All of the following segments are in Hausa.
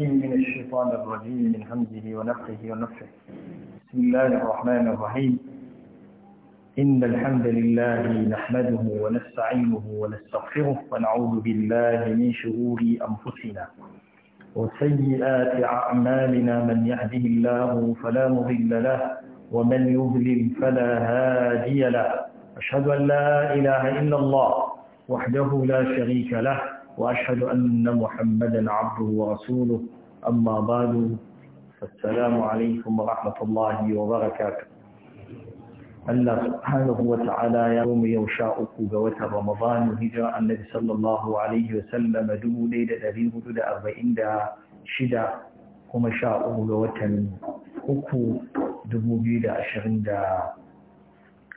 من الشيطان الرجيم من همزه ونفخه ونفخه بسم الله الرحمن الرحيم إن الحمد لله نحمده ونستعينه ونستغفره ونعوذ بالله من شرور أنفسنا وسيئات أعمالنا من يهده الله فلا مضل له ومن يضلل فلا هادي له أشهد أن لا إله إلا الله وحده لا شريك له وأشهد أن محمدا عبده ورسوله أما بعد فالسلام عليكم ورحمة الله وبركاته الله سبحانه وتعالى يوم يوشاء قوة رمضان هجرة النبي صلى الله عليه وسلم دو ليلة أبي هدود أربعين دا شدة كما شاء قوة أكو دبو بيدا أشرين دا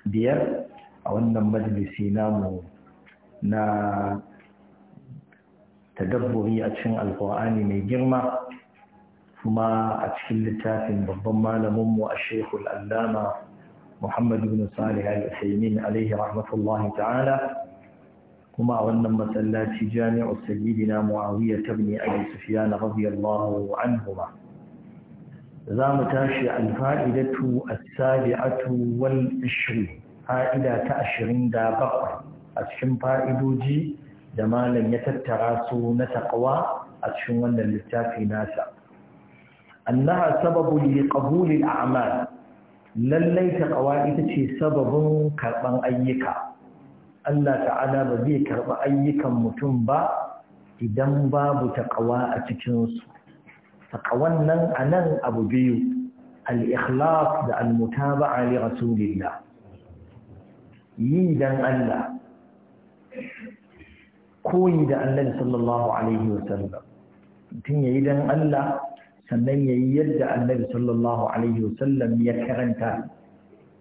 بير أو أن مجلسي نامو na tadabburi a cikin alkur'ani mai girma kuma a cikin littafin babban malaminmu a shekul allama muhammadu bin salih al-usaimin alaihi rahmatullahi ta'ala kuma a wannan masallaci jami'ar sayyidina muawiya tabni a sufyan radiyallahu anhuma za mu tashi alfa'idatu as-sabi'atu wal 20 fa'ida ta 27 a cikin fa'idoji da malam ya tattara su na taƙawa a cikin wannan littafi nasa annaha sababu li qabuli amal lallai taqwa ita ce sababin karban ayyuka Allah ta'ala ba zai karba ayyukan mutum ba idan babu taqwa a cikin su taqwan nan anan abu biyu al-ikhlas da al-mutaba'a li rasulillah yi dan Allah koyi da annabi sallallahu alaihi wasallam mutum yayi dan Allah sannan yayi yadda annabi sallallahu alaihi wasallam ya karanta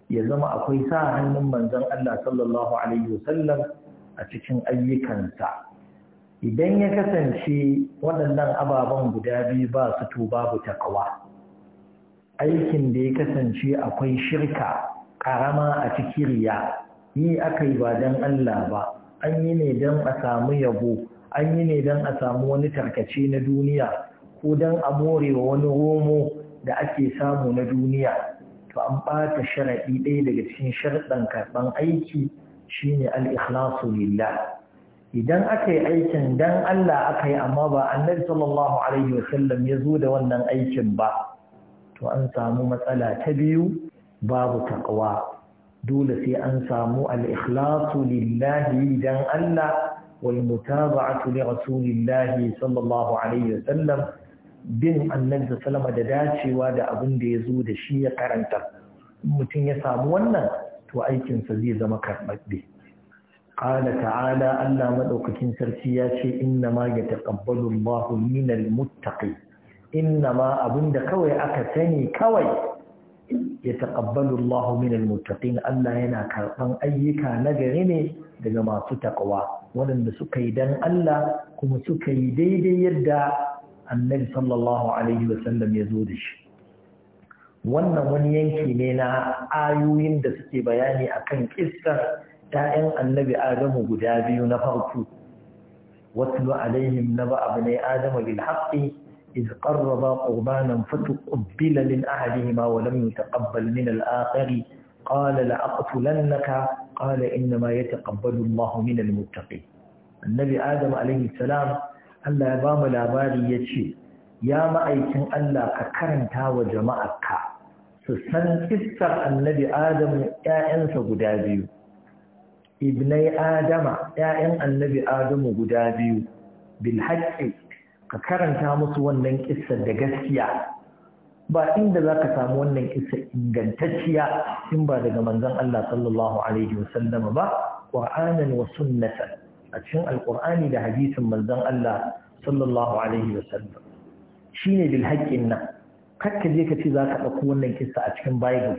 ya zama akwai sa hannun manzon Allah sallallahu alaihi wasallam a cikin ayyukansa idan ya kasance waɗannan ababen guda biyu ba su to babu takawa aikin da ya kasance akwai shirka ƙarama a cikin riya ni aka yi ba dan Allah ba an yi ne don a samu yabo an yi ne don a samu wani tarkace na duniya ko don a more wa wani romo da ake samu na duniya to an ɓata sharaɗi ɗaya daga cikin sharɗan karɓan aiki shine al-ikhlasu lillah idan aka yi aikin dan Allah aka yi amma ba annabi sallallahu alaihi wasallam ya zo da wannan aikin ba to an samu matsala ta biyu babu taqwa dole sai an samu al-ikhlasu lillahi dan Allah wal mutaba'atu li rasulillahi sallallahu bin annabi da dacewa da abin da ya zo da shi ya karanta mutum ya samu wannan to aikinsa zai zama karɓaɓɓe ƙala ta'ala Allah maɗaukakin sarki ya ce inna ma ya taƙabbalu Allahu minal muttaqi inna ma abin da kawai aka sani kawai يتقبل الله من المتقين ألا ينا كربان أيكا ne daga masu taƙawa, waɗanda suka yi dan Allah kuma suka yi daidai yadda annabi sallallahu alaihi wasallam ya zo da shi wannan wani yanki ne na ayoyin da suke bayani a kan kissar ‘ya'yan annabi Adamu guda biyu na farko, wasu alaihim na ba abu ne Adamu bil haƙi إذ قربا قربانا فتقبل من أحدهما ولم يتقبل من الآخر قال لأقتلنك قال إنما يتقبل الله من المتقين النبي آدم عليه السلام Allah ya bamu labari ya ce, Ya ma'aikin Allah ka karanta wa jama'arka su san kissar annabi Adamu ‘ya'yansa guda biyu, ibnai Adama ‘ya'yan annabi Adamu guda biyu, ka karanta musu wannan kissa da gaskiya ba inda za ka samu wannan kissa ingantacciya in ba daga manzon Allah sallallahu alaihi wasallama ba qur'anan wa sunnatan a cikin alqur'ani da hadisin manzon Allah sallallahu alaihi wasallam shine bil nan kakka je ka ce za ka ɗauko wannan kissa a cikin bible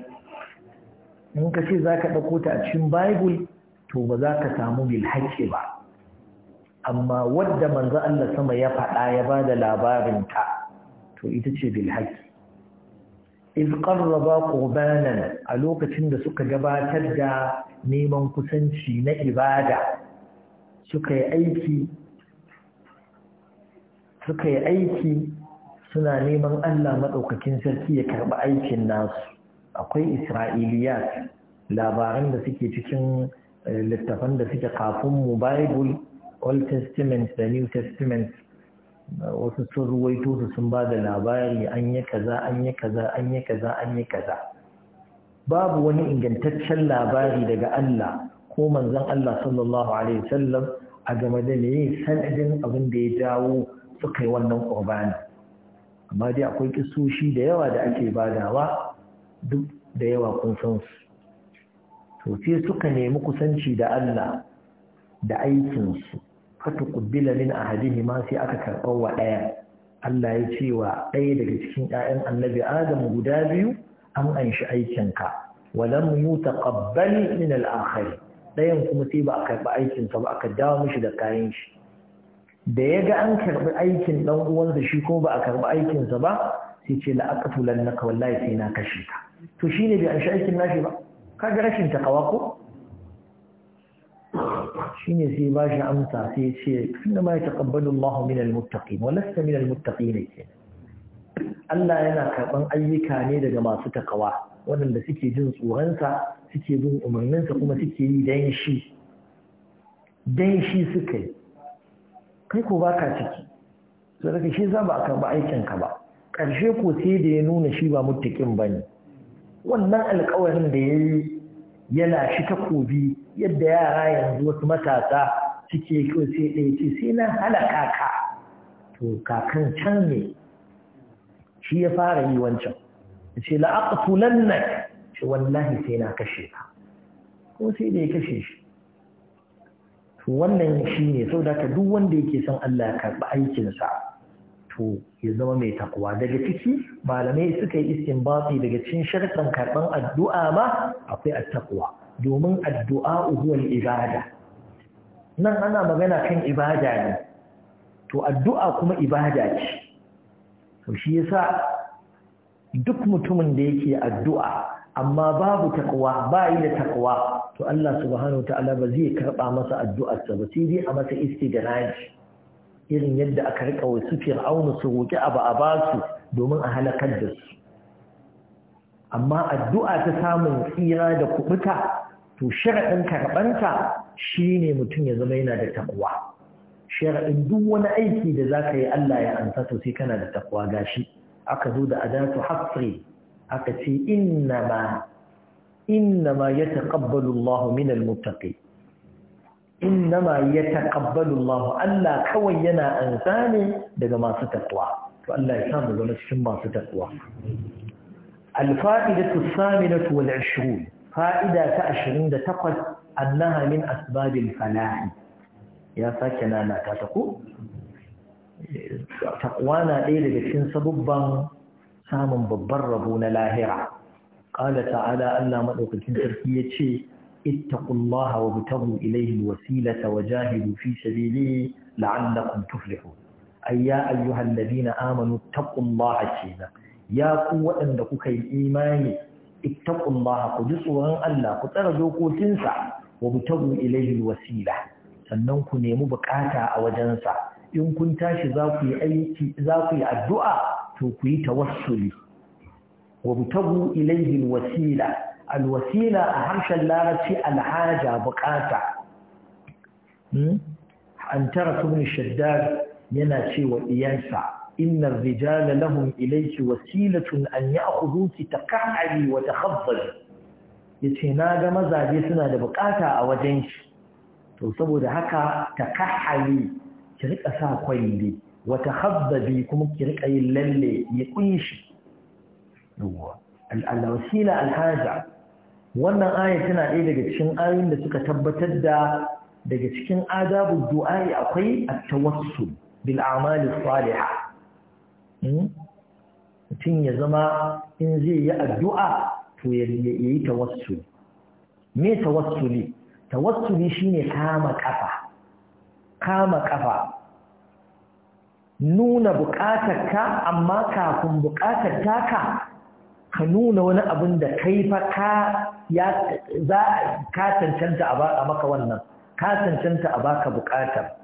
in ka ce za ka ɗauko ta a cikin bible to ba za ka samu bil haqqi ba amma wadda manzo Allah sama ya faɗa ya ba da labarin ta to ita ce bil haqqi iz qarraba qurbanan a lokacin da suka gabatar da neman kusanci na ibada suka yi aiki suka yi aiki suna neman Allah madaukakin sarki ya karɓi aikin nasu akwai isra'iliyat labaran da suke cikin eh, littafan da suke kafin mu bible old testament da new testament wasu sun ruwaito su sun ba da labari an yi kaza an yi kaza an yi kaza an yi kaza babu wani ingantaccen labari daga Allah ko manzon Allah sallallahu alaihi wasallam a game da ne sanadin abin da ya dawo suka yi wannan qurbani amma dai akwai kisoshi da yawa da ake badawa duk da yawa kun san su to sai suka nemi kusanci da Allah da aikin su fatu kubbila min ma sai aka karɓar wa ɗaya Allah ya ce wa ɗaya daga cikin 'ya'yan annabi Adam guda biyu an anshi aikinka walam yutaqabbal min al-akhir ɗayan kuma sai ba a karɓi aikinsa ba aka dawo mishi da kayan shi da ya ga an karɓi aikin ɗan uwansa shi kuma ba a karɓi aikinsa ba sai ce la'aqatu lannaka wallahi sai na kashe ka to shine bai anshi aikin nashi ba kaga rashin takawa ko shine sai ba shi amsa sai ce inna ma yataqabbalu Allahu min al-muttaqin wa lasta min al-muttaqin Allah yana karban ayyuka ne daga masu takawa waɗanda suke jin tsoronsa suke bin umarninsa kuma suke yi dan shi dan shi suka kai ko baka ciki to daga shi za ba a karɓi aikin ka ba karshe ko sai da ya nuna shi ba muttaqin bane wannan alƙawarin da yayi yana shi takobi yadda yara yanzu wasu matasa cike kawai sai ɗaya ce sai na hana kaka to kakan can ne shi ya fara yi wancan ce la'aqtulan nan ce wallahi sai na kashe ka ko sai da ya kashe shi to wannan shi ne da ka duk wanda yake son Allah ya karɓi aikinsa to ya zama mai takwa daga ciki malamai suka yi iskin istinbati daga cikin sharɗin karɓan addu'a ma akwai at takwa domin addu'a uguwar ibada nan ana magana kan ibada ne to addu'a kuma ibada ce to shi yasa duk mutumin da yake addu'a amma babu takwa ba yi da takwa to Allah subhanahu ta'ala ba zai karɓa masa addu'arsa ba sai dai a masa istighnaji irin yadda aka rika wasu fir'aunu su roki abu a basu domin a halakar da su amma addu'a ta samun tsira da kubuta to sharaɗin karɓanta shine mutum ya zama yana da takuwa sharaɗin duk wani aiki da za ka yi Allah ya ansa to sai kana da takwa shi, aka zo da adatu hasri aka ce innama innama yataqabbalu Allahu minal muttaqin innama ya Allahu Allah kawai yana ansa ne daga masu takwa to Allah ya mu zama cikin masu takwa الفائدة الثامنة والعشرون fa'ida ta ashirin da takwas annaha min asbabil falahi ya sake lalata ta ku takwa na ɗaya daga cikin sabubban samun babban rabo na lahira ƙala ta'ala Allah maɗaukacin sarki ya ce ittaqullaha wa butabu ilayhi alwasilata wa jahidu fi sabilihi la'allakum tuflihun Ayya, ya ayyuhal ladina amanu taqullaha kenan ya ku waɗanda kuka yi imani ittaqullaha ku ji tsoron Allah ku tsara dokokinsa wa butagu ilayhi wasila sannan ku nemi bukata a wajensa in kun tashi za ku yi aiki za ku yi addu'a to ku yi tawassuli wa butagu ilayhi wasila alwasila a harshen larabci alhaja bukata hmm? an tara ibn shaddad yana cewa iyansa inna rijala lahum ilayki wasilatun an ya'khuduki takahali wa takhaddali yace naga mazaje suna da buƙata a wajen shi to saboda haka takahali ki rika sa kwalli wa takhaddali kuma ki rika yin lalle ya kunshi yawa al alwasila wannan aya tana ɗaya daga cikin ayoyin da suka tabbatar da daga cikin adabul du'a akwai at-tawassul bil a'mali salihah Hmm? mutum ya zama in zai yi addu'a to ya yi tawassuli me tawassuli tawassuli shine kama kafa kama ƙafa. nuna buƙatar ka amma kafin buƙatar ta ka ka nuna wani abin da kai fa ka ya za cancanta a baka wannan ka a baka buƙatar.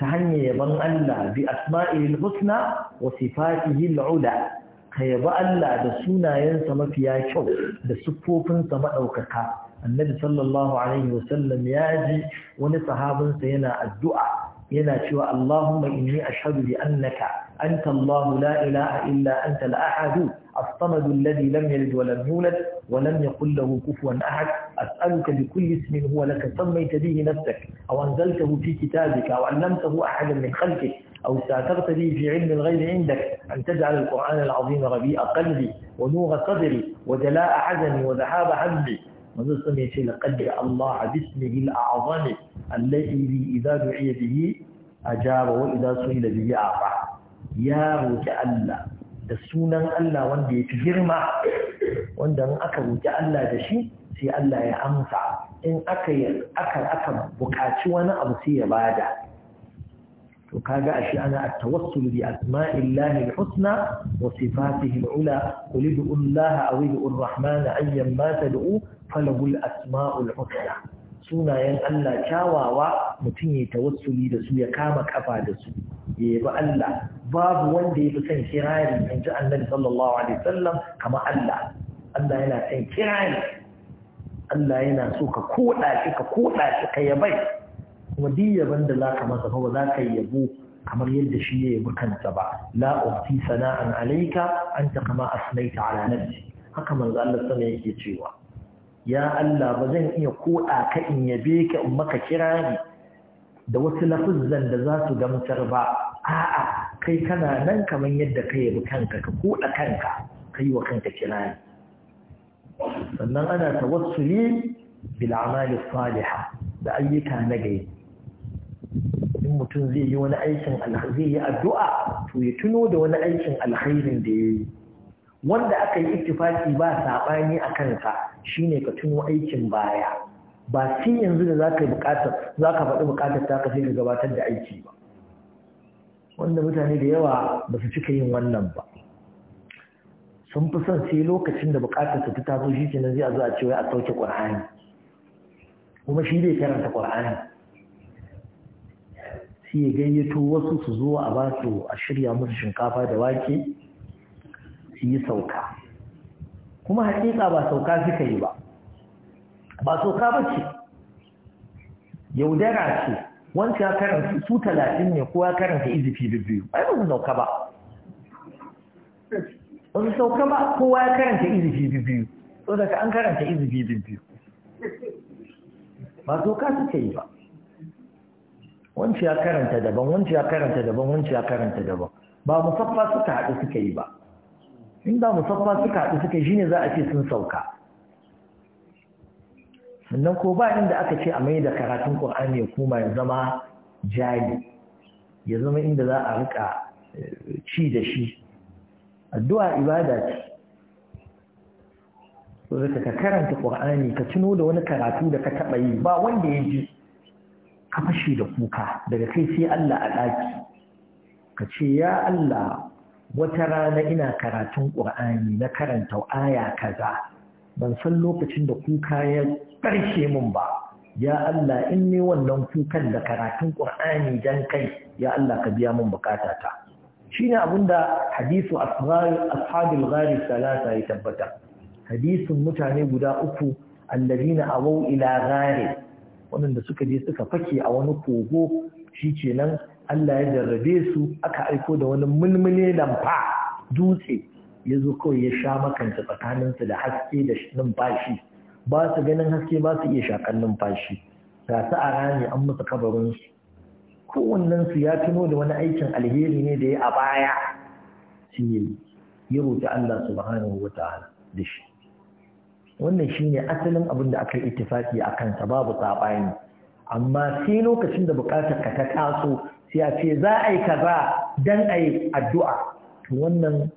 ta hanyar yaban Allah bi asma'il husna wa Sifatihil al'ula ka yaba Allah da sunayensa mafiya kyau da siffofinsa madaukaka annabi sallallahu alaihi wasallam ya ji wani sahabinsa yana addu'a yana cewa Allahumma inni ashhadu bi annaka anta Allah la ilaha illa anta al-ahad as-samad alladhi lam yalid wa lam yulad wa lam yakul lahu kufuwan ahad as'aluka bi kulli ismin huwa laka sammayta bihi nafsak aw anzaltahu fi kitabika aw 'allamtahu ahadan min khalqik أو استعترت به في علم الغيب عندك أن تجعل القرآن العظيم ربيع قلبي ونور صدري وجلاء حزني وذهاب حزبي manzo sun ya ce Allah bismihi al-a'zam alladhi idza du'iya bihi ajaba wa idza su'ila bihi ya roki Allah da sunan Allah wanda ya fi girma wanda in aka roki Allah da shi sai Allah ya amsa in aka aka aka buƙaci wani abu sai ya bada to kaga ashe ana at-tawassul bi asma'illahi al-husna wa sifatihi al-ula qul ud'u Allah aw ud'u ar-rahman ayyan ma tad'u falagul asma'ul husna sunayen Allah kyawawa mutum ya tawassuli da su ya kama kafa da su ya yabi Allah babu wanda ya fi son kirari in ji annabi sallallahu alaihi wasallam kama Allah Allah yana son kirari Allah yana so ka koda shi ka koda shi ka yabai kuma duk yaban da zaka masa fa ba za ka yabo kamar yadda shi ya yabi kansa ba la uhti sana'an alayka anta kama asnaita ala nafsi haka manzo Allah sallallahu alaihi wasallam yake cewa ya Allah ba zan iya koɗa ka in yabe ka in maka kirari da wasu lafuzzan da za su gamsar ba a'a kai kana nan kamar yadda ka yabi kanka ka koɗa kanka ka yi wa kanka kirari sannan ana tawassuli bil amali saliha da ayyuka na gari in mutum zai yi wani aikin zai yi addu'a to ya tuno da wani aikin alhairin da ya yi wanda aka yi ittifaki ba saɓani a kansa shine ka tuno aikin baya ba sai yanzu da zaka bukatar zaka faɗi bukatar ta ka ka gabatar da aiki ba wanda mutane da yawa ba su cika yin wannan ba sun fi son sai lokacin da bukatar su ta taso shi kenan zai a zo a ce wai a sauke Qur'ani kuma shi zai karanta Qur'ani sai ya gayyato wasu su zo a ba su a shirya musu shinkafa da wake su yi sauka kuma hakika ba sauka suka yi ba ba sauka ba ce yaudara ce wancan ya karanta su talatin ne ko ya karanta izifi biyu ai ba su sauka ba ba su sauka ba kowa ya karanta izifi biyu so daga an karanta izifi biyu ba sauka suka yi ba wancan ya karanta daban wancan ya karanta daban wancan ya karanta daban ba musaffa suka haɗu suka yi ba In da musaffa suka haɗu suka ne za a ce sun sauka sannan ko ba inda aka ce a mai da karatun ƙur'ani ya koma ya zama jari ya zama inda za a rika eh, ci da shi addu'a ibada ce so ka karanta ƙur'ani ka tuno da wani karatu da ka taɓa yi ba wanda ya ji ka fashe da kuka daga kai sai Allah a ɗaki ka ce ya Allah wata rana ina karatun ƙur'ani na karanta aya kaza ban san lokacin da kuka ya ƙarshe mun ba ya Allah in ne wannan kukan da karatun ƙur'ani dan kai ya Allah ka biya mun bukata ta shine da hadisu ashabul ghari salata ya tabbata hadisin mutane guda uku a awau ila ghari da suka je suka fake a wani kogo shi nan. Allah ya jarrabe su aka aiko da wani mulmule lamfa dutse ya zo kawai ya sha makanta tsakaninsu da haske da numfashi ba su ganin haske ba su iya shakan numfashi ga su a rami an musu kabarinsu kowannensu ya tuno da wani aikin alheri ne da ya a baya shi ya roƙi Allah subhanahu wa ta'ala da shi wannan shine asalin abin da aka yi ittifaki a kansa babu saɓani amma sai lokacin da buƙatar ka ta taso sai ce za a yi kaza don a yi addu'a to wannan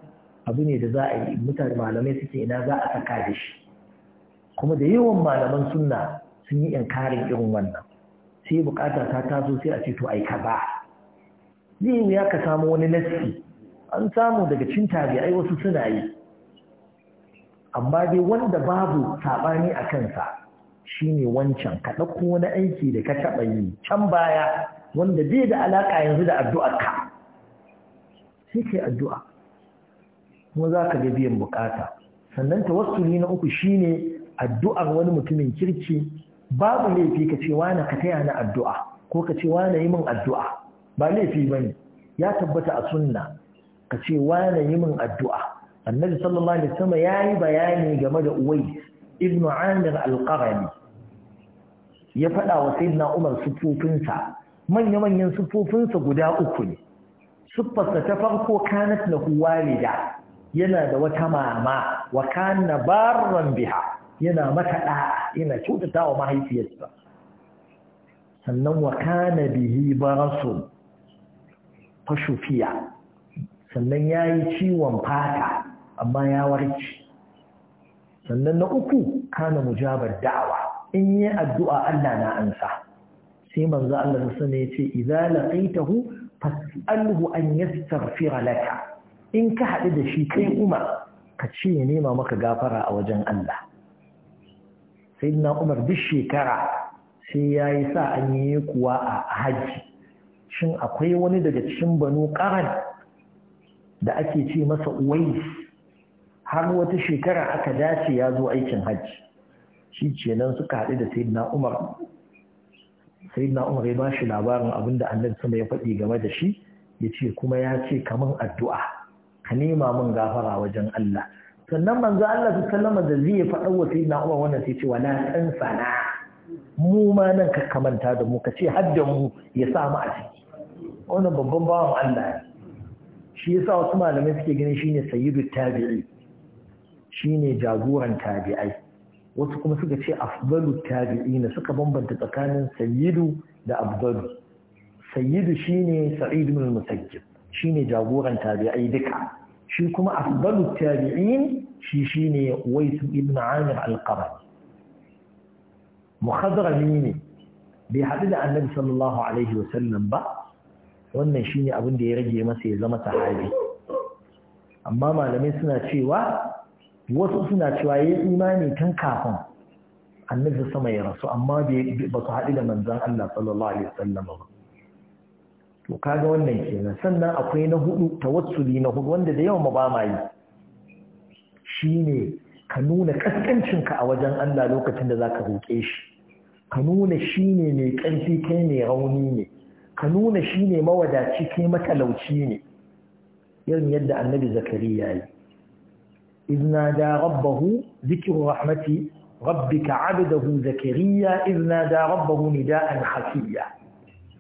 abu ne da za a yi mutane malamai suke ina za a saka da shi kuma da yawan malaman suna sun yi inkarin irin wannan sai bukata ta taso sai a ce to a yi kaza zai wuya ka samu wani naski, an samu daga cin ai wasu suna yi amma dai wanda babu saɓani a kansa shine wancan ka ɗauko wani aiki da ka taɓa yi can baya wanda bai da alaƙa yanzu da addu'arka sai kai addu'a kuma za ka ga biyan bukata sannan ta ne na uku shi ne addu'ar wani mutumin kirki babu laifi ka ce wani ka taya na addu'a ko ka ce wani yi min addu'a ba laifi ba ne ya tabbata a sunna ka ce wani yi min addu'a annabi sallallahu alaihi wasallam ya yi bayani game da uwai ibnu amir al-qarani ya faɗa wa sayyidina umar sufufinsa manya-manyan siffofinsa guda uku ne siffarsa ta farko kanat lahu da. yana da wata mama wa kana barran biha yana mata ɗa'a, yana kyautata wa mahaifiyarsa sannan wa kana bihi barasun fashufiya sannan ya yi ciwon fata amma ya warke sannan na uku kana mujabar da'awa in yi addu'a Allah na ansa sai manzo Allah da sani ya ce idza laqaitahu fas'alhu an yastaghfira laka in ka haɗu da shi kai Umar ka ce ya nema maka gafara a wajen Allah sayyidina Umar duk shekara sai yayi sa an yi kuwa a haji shin akwai wani daga cikin banu qaran da ake ce masa uwais har wata shekara aka dace ya zo aikin hajji shi kenan suka haɗu da sayyidina Umar sai na umar ya bashi labarin abin da annabi sama ya faɗi game da shi ya ce kuma ya ce kamar addu'a ka nema min gafara wajen Allah sannan manzo Allah su sallama da zai ya faɗa wa na Umar wannan sai ce wala san sana mu ma nan ka kamanta da mu ka ce hadda mu ya sa mu a ciki wannan babban bawan Allah shi yasa wasu malamai suke ganin shine sayyidu tabi'i shine jagoran tabi'ai wasu kuma suka ce afdalu tabi'ina suka bambanta tsakanin sayyidu da afdalu sayyidu shine sa'id ibn al-musayyib shine jagoran tabi'ai duka shi kuma afdalu tabi'in shi shine wais ibn amir al-qamari muhadrami ne bai haɗu da annabi sallallahu alaihi wa sallam ba wannan shine abin da ya rage masa ya zama sahabi amma malamai suna cewa wasu suna cewa ya yi imani tun kafin annabi sama ya rasu amma ba su haɗu da manzan Allah sallallahu alaihi wasallam ba to kaga wannan kenan sannan akwai na hudu tawassuli na hudu wanda da yawa ba ma yi shine ka nuna ƙasƙancinka a wajen Allah lokacin da zaka roƙe shi ka nuna shine mai ƙarfi kai mai rauni ne ka nuna shine mawadaci kai matalauci ne irin yadda annabi zakariya yi إذ نادى ربه ذكر رحمة ربك عبده زكريا إذ نادى ربه نداء خفيا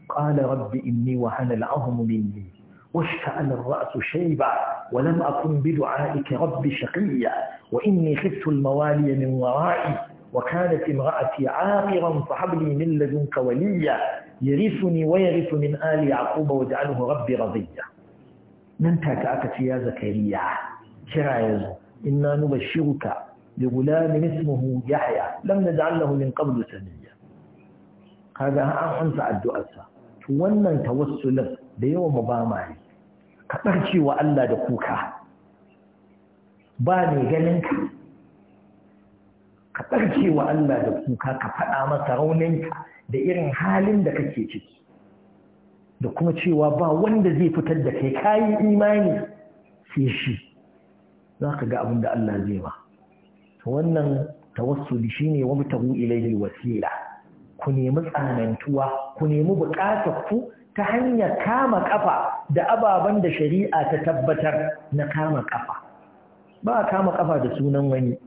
قال رب إني وهن العظم مني واشتعل الرأس شيبا ولم أكن بدعائك رب شقيا وإني خفت الموالي من ورائي وكانت امرأتي عاقرا فهب لي من لدنك وليا يرثني ويرث من آل يعقوب واجعله ربي رضيا من take يا زكريا ya zakariya إنا نبشرك بغلام اسمه يحيى لم نجعل له من قبل سميا هذا أنسى الدعاء wannan tawassulin da yawan mu ba ma yi ka barke wa Allah da kuka ba mai ganin ka ka barke wa Allah da kuka ka faɗa masa ka da irin halin da kake ciki da kuma cewa ba wanda zai fitar da kai kayi imani sai shi za ka ga abin da Allah zai ba. wannan tawassuli ne wa mutabu ilaihi wasila ku nemi tsanantuwa ku nemi buƙatar ku ta hanyar kama ƙafa da ababen da shari'a ta tabbatar na kama ƙafa. ba a kama ƙafa da sunan wani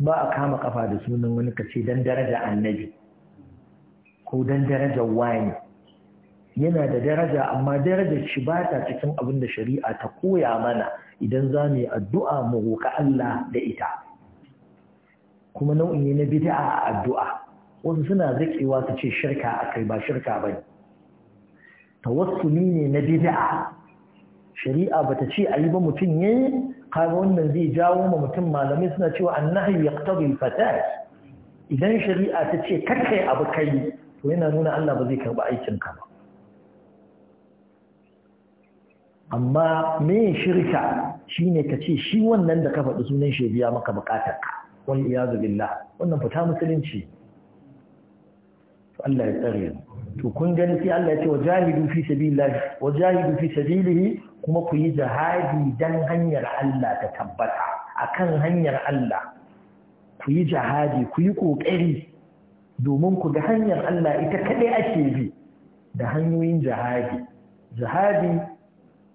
ba a kama ƙafa da sunan wani ka ce don daraja annabi ko don daraja wani yana da daraja amma darajar shi ba ta cikin abin da shari'a ta koya mana idan za mu yi addu'a mu roƙa Allah da ita kuma nau'in ne na bid'a a addu'a wasu suna zaƙewa su ce shirka a kai ba shirka bane ni ne na bid'a shari'a bata ce a yi ba mutum yayi kaga wannan zai jawo ma mutum malamai suna cewa annahi yaqtadi fata. idan shari'a ta ce kakai abu kai to yana nuna Allah ba zai karɓi aikinka ba amma me shirka shine ka ce shi wannan da ka faɗi sunan shi biya maka bukatar ka wal iyazu billah wannan fita musulunci Allah ya tsare to kun gani sai Allah ya ce wajahidu fi sabilillah wajahidu fi sabilihi kuma ku yi jihadi dan hanyar Allah ta tabbata akan hanyar Allah ku yi jihadi ku yi kokari domin ku ga hanyar Allah ita kaɗai ake bi da hanyoyin jihadi jihadi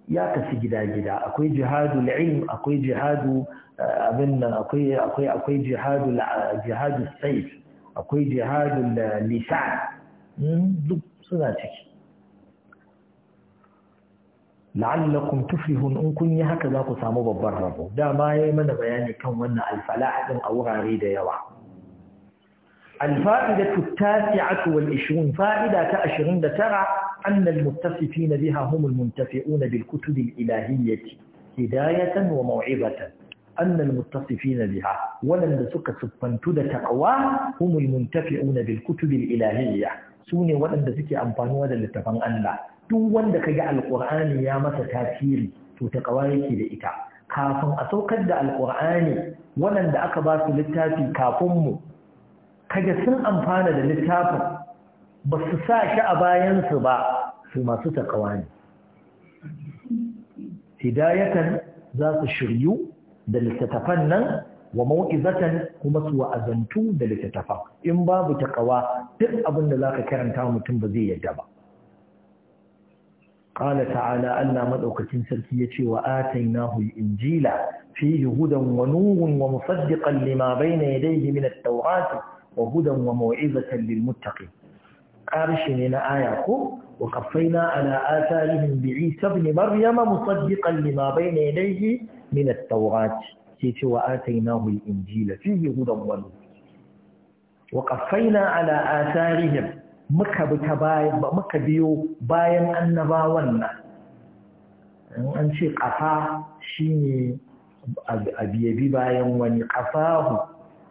يا كسي جدا جدا أكوي جهاد العلم أكوي جهاد أبن أكوي أكوي جهاد جهاد السيف أكوي جهاد اللسان أمم دب صدقك لعلكم تفلحون إن كن هكذا قصامو ببرربو ده ما هي من بيان كم من الفلاح من أو غريدة يا الفائدة التاسعة والعشرون فائدة تأشرون ترى أن المتصفين بها هم المنتفعون بالكتب الإلهية هداية وموعظة أن المتصفين بها ولن سك سبنتود تقوى هم المنتفعون بالكتب الإلهية سوني ولن سك أنفانوا هذا لتفن الله دو وندك جاء القرآن يا متى تاثير تتقوائك لإتا كافن أسوكد القرآن ولن أكباس للتافي كافم كجسن أنفان للتافي ba su sa shi a bayansu ba su masu takawa ne hidayatan za su shiryu da littattafan nan wa mau'izatan kuma su wa'azantu da littattafan in babu takawa duk abin da ka karanta mutum ba zai yadda ba Ƙala ta'ala Allah maɗaukacin sarki ya ce wa atainahu injila fihi hudan wa nurun wa musaddiqan lima bayna yadayhi min at-taurati wa hudan wa mau'izatan lil muttaqin karshe ne na aya ko wa kafaina ala atharihim bi Isa ibn Maryam musaddiqan lima bayna yadayhi min at-Taurat sai ce wa atainahu al-Injila fihi hudan wa wa kafaina ala atharihim muka bi ta bayan muka biyo bayan annabawan nan an ce kafa shine a biyabi bayan wani kafahu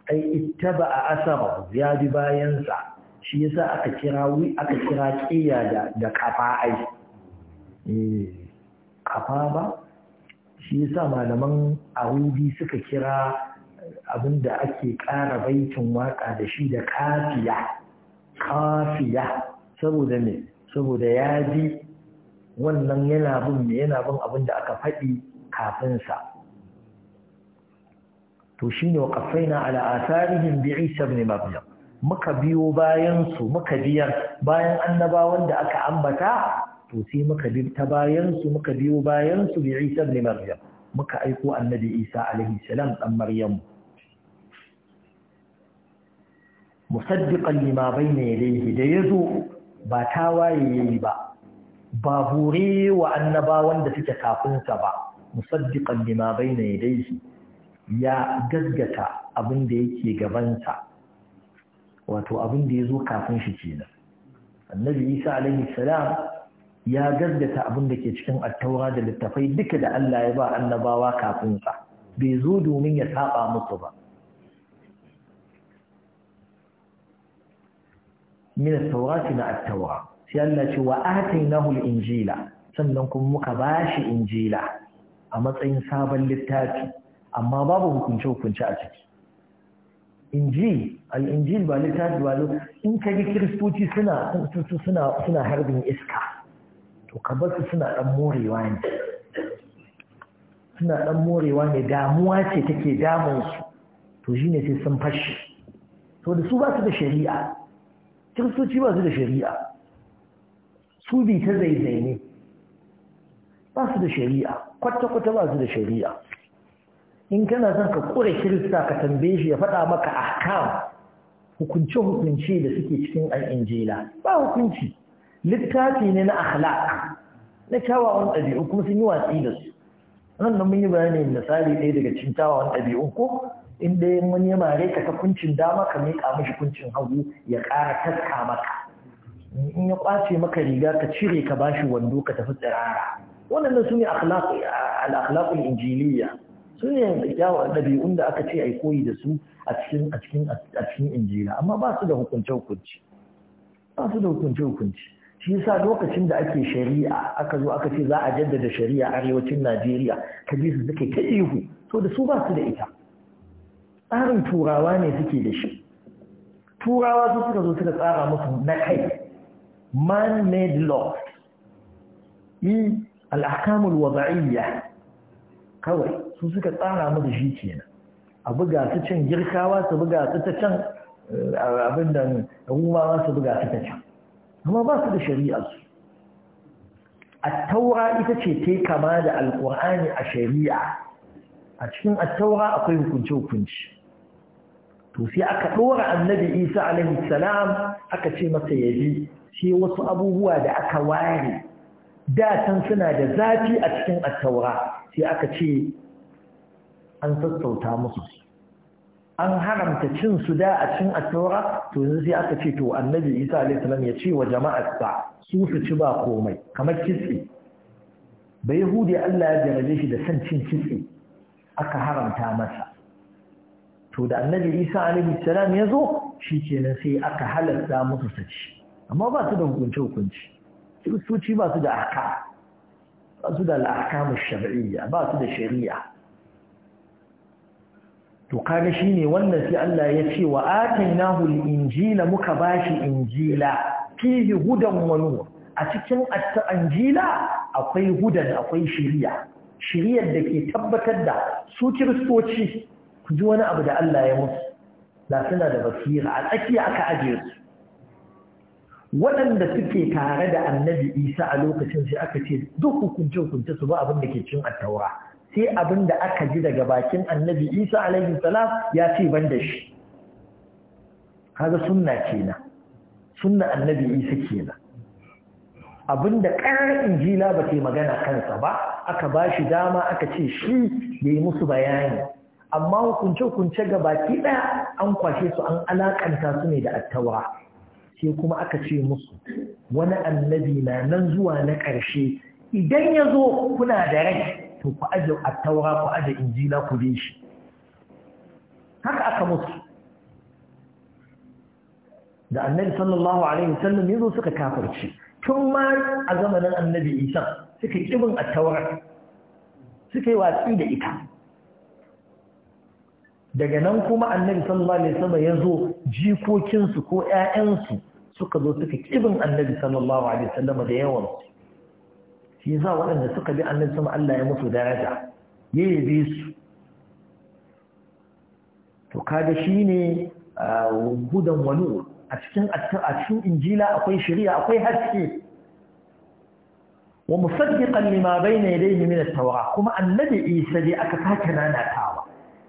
ai ittaba a asar ya bi bayansa shi yasa aka kira wi aka kira kiya da da kafa ai eh kafa ba shi yasa malaman awubi suka kira abinda ake ƙara baitin waƙa da shi da kafiya kafiya saboda me saboda ya ji wannan yana bin me yana bin abin da aka faɗi kafin sa to shine waqafaina ala asarihim bi Isa ibn Maryam muka biyo bayansu muka biyan bayan annabawan da aka ambata to sai muka bi ta bayansu muka biyo bayansu bi Isa ibn Maryam muka aiko annabi Isa alaihi salam dan Maryam musaddiqan lima bayna yadayhi da yazo ba ta waye yayi ba ba bure wa annabawan da suke kafin sa ba musaddiqan lima bayna yadayhi ya gaggata abin da yake gabansa wato abin da ya zo kafin shi kenan annabi isa alaihi salam ya gaddata abin da ke cikin attaura da littafai duka da Allah ya ba annabawa kafin sa bai zo domin ya saba musu ba min at-taurati na attaura? taura sai Allah ce wa atainahu injila sannan kuma muka ba shi injila a matsayin sabon littafi amma babu hukunce hukunce a ciki injil al'injil ba littafi ba in ka ji kiristoci suna suna harbin iska to ka suna ɗan morewa ne suna dan morewa ne damuwa ce take damunsu to shi ne sai sun fashe to da su ba su da shari'a kiristoci ba su da shari'a su bi ta zaizai ne ba su da shari'a kwata-kwata ba su da shari'a in kana son ka kure kirista ka tambaye shi ya faɗa maka ahkam hukunce hukunce da suke cikin injila ba hukunci littafi ne na akhlaq na kyawawan ɗabi'u kuma sun yi watsi da su nan da mun yi bayani misali ɗaya daga cikin kyawawan ɗabi'u ko in dai mun yi mare ka ta kuncin dama ka miƙa mishi kuncin hagu ya ƙara taska maka in ya ƙwace maka riga ka cire ka bashi wando ka tafi tsirara waɗannan su ne akhlaqul injiliya su ne kyawun ɗabi'un da aka ce a koyi da su a cikin a cikin a cikin injila amma ba su da hukunce hukunci ba su da hukunce hukunci shi yasa lokacin da ake shari'a aka zo aka ce za a jaddada shari'a arewacin Najeriya ka bi su suke ta ihu to da su ba su da ita tsarin turawa ne suke da shi turawa su suka zo suka tsara musu na kai man made laws. yi al-ahkamul kawai su suka tsara mu da shi kenan a buga su can girkawa su buga su ta can eh, abin da rumawa su buga su ta can amma ba su da shari'arsu attaura ita ce ta kama da alkur'ani a shari'a a cikin attaura akwai hukunce hukunci to sai aka ɗora annabi isa alaihi salam aka ce masa yaji, sai wasu abubuwa da aka ware datan suna da zafi a cikin attaura sai aka ce an sassauta musu an haramta cin su da a cin asura to yanzu sai aka ce to annabi isa alaihi ya ce wa jama'arsa su su ci ba komai kamar kitse bai yahudi Allah ya jarabe shi da san cin kitse aka haramta masa to da annabi isa alaihi ya zo shi kenan sai aka halarta musu su ci amma ba su da hukunci hukunci su ci ba su da aka ba su da al'akamu shari'iyya ba su da shari'a to kaga shine wannan sai Allah ya ce wa na al-injila muka bashi injila fihi hudan wani a cikin atta injila akwai hudan akwai shari'a shari'ar da ke tabbatar da su kiristoci ku ji wani abu da Allah ya musu la suna da basira a tsakiya aka ajiye su waɗanda suke tare da annabi isa a lokacin sai aka ce duk hukunce-hukunce su ba abin da ke cin attaura sai abin da aka ji daga bakin annabi isa alaihi salam ya ce ban da shi kaga sunna kenan sunna annabi isa kenan abin da ƙarar injila ba ke magana kansa ba aka ba shi dama aka ce shi ya yi musu bayani amma hukunce-hukunce ga baki ɗaya an kwashe su an alakanta su ne da attaura sai kuma aka ce musu wani annabi na nan zuwa na ƙarshe idan ya zo kuna da rai to ku aje taura ku aje injila ku bi shi haka aka musu da annabi sallallahu alaihi wasallam ya zo suka kafarci tun ma a zamanin annabi isa suka kibin attaura suka yi watsi da ita daga nan kuma annabi sallallahu alaihi wasallam ya zo jikokinsu ko ƴaƴansu suka zo suka kibin annabi sallallahu alaihi wasallam da yawan shi za waɗanda suka bi annabi sama Allah ya musu daraja ya yabe su to kaga shine gudan wani a cikin a cikin injila akwai shari'a akwai haske wa musaddiqan lima bayna yadayhi min at-tawra kuma annabi Isa dai aka sake nanatawa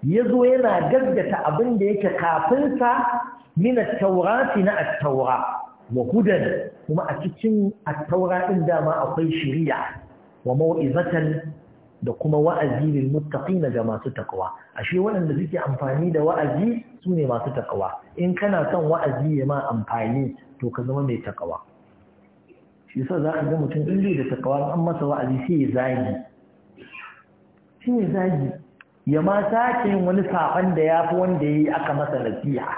ya zo yana gaggata abin da yake kafinsa min at taurasi na attaura wa hudan kuma a cikin attaura ɗin dama akwai shari'a wa mau'izatan da kuma wa'azi lil muttaqina ga masu takawa ashe waɗanda suke amfani da wa'azi sune masu takawa in kana son wa'azi ya ma amfani to ka zama mai takawa shi yasa za ka ga mutum in da takawa an masa wa'azi sai ya zagi sai ya zagi ya ma sake yin wani saban da ya fi wanda ya yi aka masa nasiha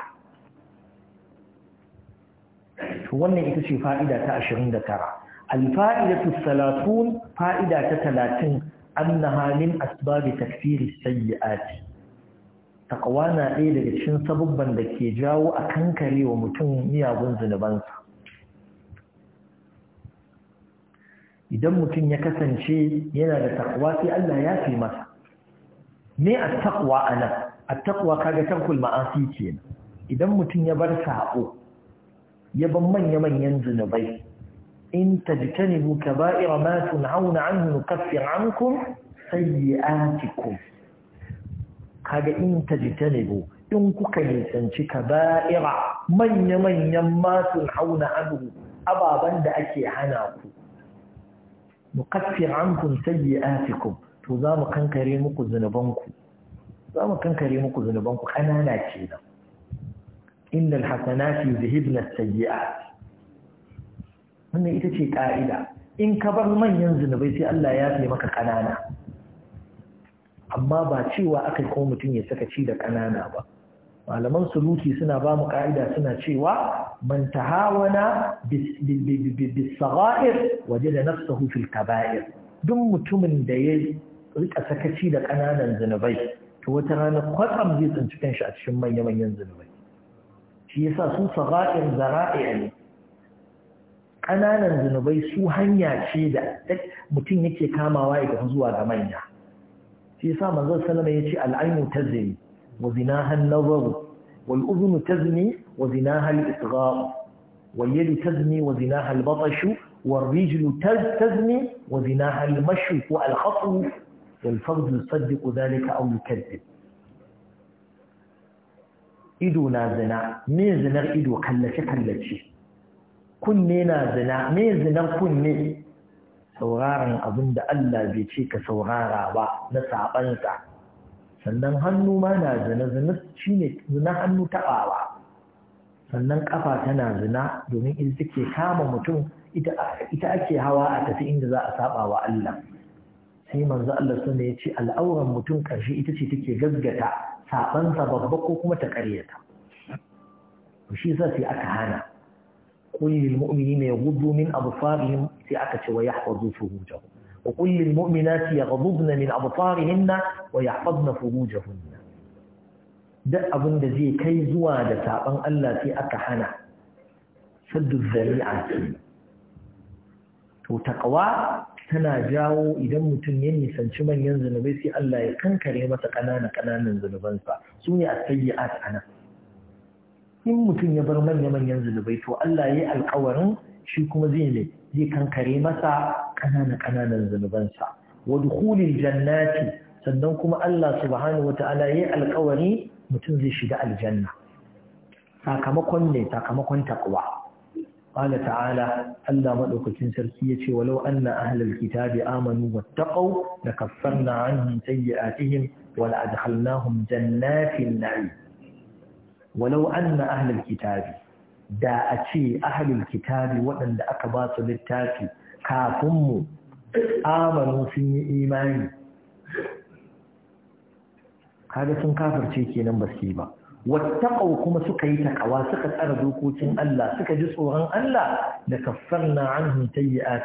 wannan ita ce fa'ida ta ashirin da tara alfa'ida ta salatun fa'ida ta talatin annaha halin asbabi takfiri sayyi'ati taqwa na ɗaya daga cikin sabubban da ke jawo a kankare wa mutum miyagun zunubansa idan mutum ya kasance yana da takwa sai Allah ya fi masa me a takwa a nan a takwa kaga tankul ma'asi kenan idan mutum ya bar sa'o ya ban manya-manyan zunubai in ta tajtanibu an ma kafin anhu nukaffir ankum sayyi'atikum kaga in ta tajtanibu in kuka nisanci kaba'ira manya-manyan ma tunhauna anhu ababan da ake hana ku nukaffir ankum sayyi'atikum to za mu kankare muku zunubanku za mu kankare muku zunubanku ƙanana ce nan innal hasanati yuzhibna as-sayyi'at wannan ita ce ƙa'ida. in ka bar manyan zunubai sai Allah ya fi maka ƙanana amma ba cewa aka ko mutum ya saka ci da ƙanana ba malaman suluki suna ba mu suna cewa man tahawana bis-sagha'ir da nafsahu fil kaba'ir duk mutumin da ya rika sakaci da kananan zunubai to wata rana kwatsam zai tsinci kanshi a cikin manya-manyan zunubai shi yasa su sara'in zara'a ne Kananan zunubai su hanya ce da mutum yake kamawa ya tafi zuwa ga manya shi yasa manzon sallama ya ce al'ainu tazni wa zinaha nazaru wal uzunu tazni wa zinaha al-isgha'u wal yadu tazni wa zinaha al-batashu والرجل تزني وزناها المشي والخطو والفرد يصدق ذلك أو يكذب ido na zina me zinar ido kallace-kallace kunne na zina me zinar kunne sauraron abin Allah bai ce ka saurara ba na sabansa sannan hannu ma na zina zina shi ne zina sannan ƙafa tana zina domin ita take kama mutum ita ake hawa a tafi inda za a saɓa wa Allah sai manzo Allah sun ya ce al'auran mutum ƙarshe ita ce take gaggata sabansa babba ko kuma ta ƙaryata shi yasa sai aka hana qul lil ya gudu min abu absarihim sai aka ce wa yahfazu furujahum wa qul ya mu'minati na min abu absarihinna wa yahfazna furujahunna duk abin da zai kai zuwa da saɓan Allah sai aka hana saddu zari'a to taqwa tana jawo idan mutum ya nisanci manyan zunubai sai Allah ya kankare masa ƙananan ƙananan zunubansa su ne a sayyi'at a nan in mutum ya bar manya manyan zunubai to Allah ya yi alƙawarin shi kuma zai ne zai kankare masa ƙananan ƙananan zunubansa wa dukhulil jannati sannan kuma Allah subhanahu wata'ala ya yi alƙawari mutum zai shiga aljanna sakamakon ne sakamakon takwa قال تعالى ألا مدوكتين سرسية ولو أن أهل الكتاب آمنوا واتقوا لكفرنا عنهم سيئاتهم ولأدخلناهم جنات النعيم ولو أن أهل الكتاب داعتي أهل الكتاب وأن أقباط للتاكي كافم آمنوا في إيمان هذا سنكافر تيكي نمبر سيبا wattaqaw kuma suka yi takawa suka tsara dokokin Allah suka ji tsoron Allah da kaffarna anhum Wala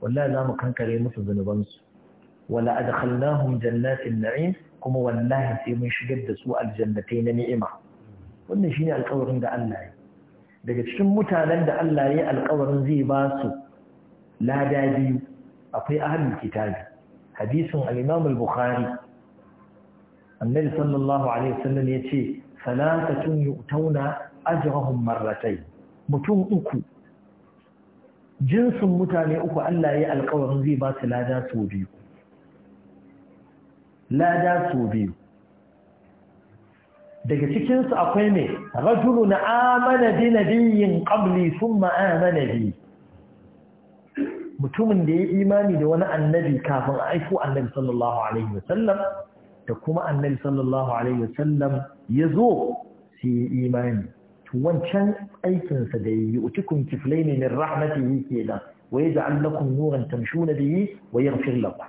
wallahi zamu kankare musu zunubansu wala adkhalnahum jannatin na'im kuma wallahi sai mun shigar da su aljannatai na ni'ima wannan shine alƙawarin da Allah ya daga cikin mutanen da Allah ya alƙawarin zai basu, lada biyu akwai ahlul kitabi hadisin al-Imam al-Bukhari annabi sallallahu alaihi wasallam yace salatatun yu'tauna ajrahum marratayn mutum uku jinsin mutane uku Allah ya alƙawarin zai ba su lada sau biyu lada sau biyu daga cikinsu akwai ne rajulu na amana bi nabiyyin qabli thumma amana bi mutumin da ya imani da wani annabi kafin aiko annabi sallallahu alaihi wasallam da kuma annabi sallallahu alaihi wasallam yazo shi imani to wancan sa da yi utikun kiflai ne min rahmatihi kida wa yaj'al lakum nuran tamshuna bihi wa yaghfir lakum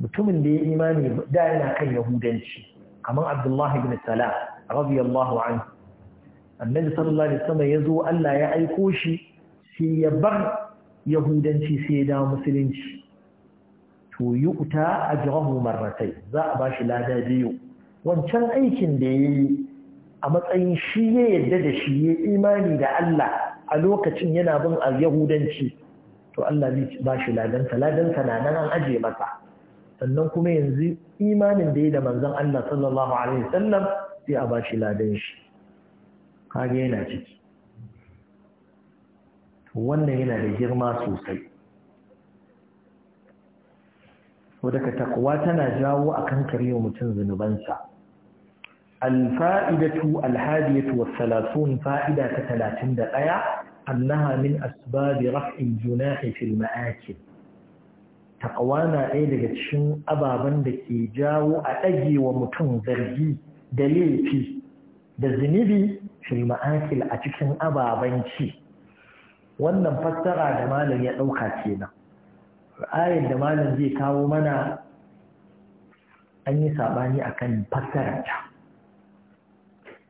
mutumin da ya imani da yana kan yahudanci kamar Abdullah ibn Salam radiyallahu anhu annabi sallallahu alaihi wasallam yazo Allah ya aiko shi sai ya bar yahudanci sai da musulunci to yi uta a jirahu za a ba shi lada biyu wancan aikin da ya yi a matsayin shi ya yadda da shi ya imani da Allah a lokacin yana bin a yahudanci to Allah zai ba shi ladansa ladansa na nan an aje masa sannan kuma yanzu imanin da ya da manzon Allah sallallahu alaihi wasallam sai a ba shi ladan shi kage yana ciki wannan yana da girma sosai wadaka takwa tana jawo a kankare wa mutum zunubansa alfa'idatu alhadiyatu wasalasun fa'ida ta talatin da ɗaya annaha min asbabi raf'in juna fil ma'akil takwa na ɗaya daga cikin ababen da ke jawo a ɗage wa mutum zargi da laifi da zunubi fil a cikin ababen ci wannan fassara da malam ya ɗauka kenan ayar da malam zai kawo mana an yi saɓani a kan fassararta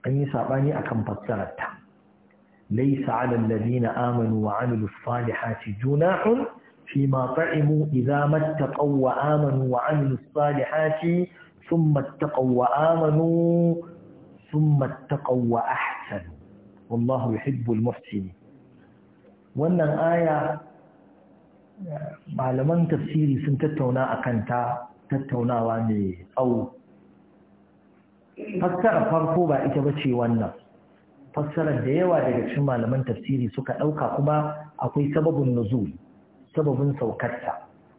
an yi saɓani a kan fassararta laisa ala alladhina amanu wa amilu salihati junahun fi ma ta'imu idza mattaqaw wa amanu wa amilu salihati thumma ittaqaw wa amanu thumma ittaqaw wa ahsanu wallahu yuhibbul muhsinin wannan aya malaman tafsiri sun tattauna a kanta tattaunawa mai tsawo fassara farko ba ita ba ce wannan fassarar da yawa daga cikin malaman tafsiri suka ɗauka kuma akwai sababin nuzul sababin saukarta